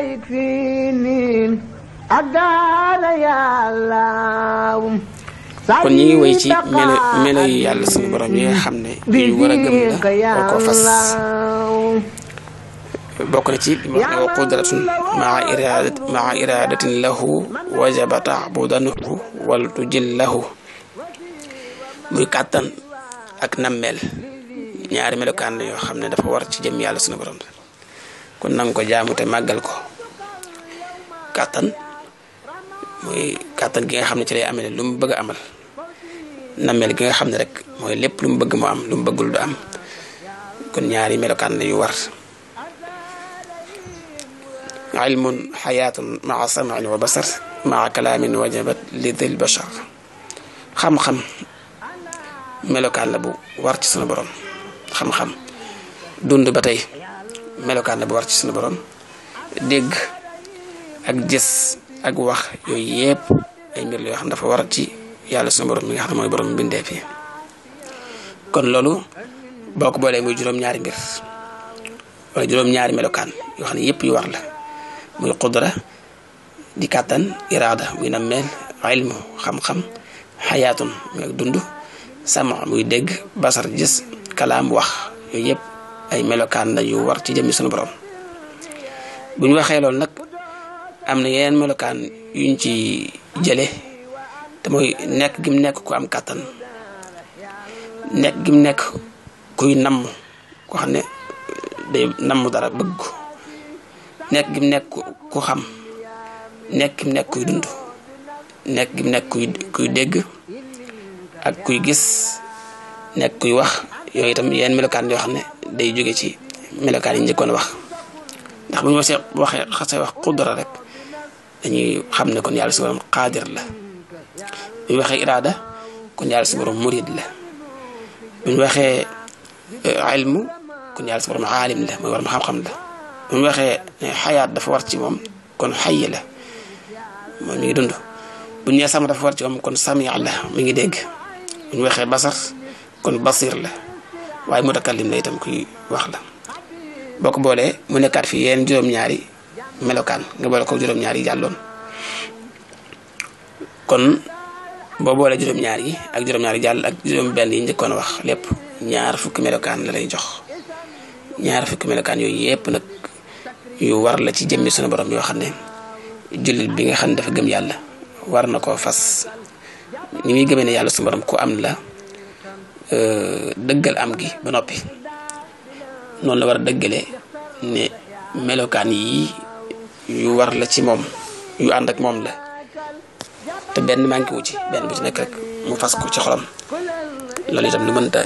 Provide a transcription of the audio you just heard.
يكفيني أدال kon ñi ngi woy ci melo melo yi yàlla suñu borom yi xam ne yu war a gëm la war fas bokk na ci li ma wax ne wa qudratun maa iradat maa iradatin lahu wajaba taabudanahu wal tujil lahu muy kàttan ak nammeel ñaari melokaan la yoo xam ne dafa war ci jëm yàlla suñu borom kon nanga ko jaamu te màggal ko kàttan mooy kàttan gi nga xam ne ci lay amee lu mu bëgg a amal nameel gi nga xam ne rek mooy lépp lu mu bëgg mu am lu mu bëggul du am kon ñaari melokaan la yu war ilmun xayaatun maa samin wa basar maa kalaamin wajabat li dil xam-xam melokaan la bu sunu borom xam-xam bu war ci sunu borom ak jës ak wax yooyu yëpp ay mbir la yoo xam dafa war ci yàlla suñu borom mi nga xam ne mooy borom mbindeef yi kon loolu boo ko boolee muy juróom-ñaari mbir melokaan yoo xam yëpp yu war la muy qudra di kàttan iraada muy nammeel ilmu xam-xam xayaatun muy ak dund sama muy dégg basar gis kalaam wax yëpp ay melokaan la yu war ci jëmmi suñu borom waxee loolu nag am na yeneen melokaan yuñ ci jële te mooy nekk gim nekk ku am kàttan nekk gim nekk kuy namm ko xam ne day namm dara bëgg ko nekk gim nekk ku xam nekk gim nekk kuy dund nekk gim nekk kuy kuy dégg ak kuy gis nekk kuy wax yooyu tam yenn melokaan yoo xam ne day jóge ci melokaan yi njëkkoon wax ndax bu ñu waxee waxee xasee wax rek dañuy xam ne kon yàlla su borom xaadir la bu ñu waxee iraada kon yàlla su borom murid la bu ñu waxee ilmu kon yàlla su borom aalim la mooy borom xam-xam la bu ñu waxee xayaat dafa war ci moom kon xayi la moom mi ngi dund bu ñu nee sama dafa war ci moom kon samia la mi ngi dégg bu ñu waxee basar kon basir la waaye mutakallim la itam kuy wax la boo ko boolee mu nekkaat fi yeneen juróom-ñaari melokaan nga boole ko juróom-ñaar yi jàlloon kon boo boole juróom-ñaar yi ak juróom jàll ak juróom-benn yi njëkkoon wax lépp ñaar fukki melokaan la lay jox ñaar fukki melokaan yooyu yépp nag yu war la ci jëmmi sunu borom yoo xam ne jullit bi nga xam ne dafa gëm yàlla war na koo fas ni muy gëmee ne yàlla sunu borom ku am la euh, dëggal am gi ba noppi noonu la war a dëggalee ne melokaan yi yu war la ci moom yu ànd ak moom la te benn manqué wu ci benn bu ci nekk rek mu fas ko ci xolam loolu itam lu mënta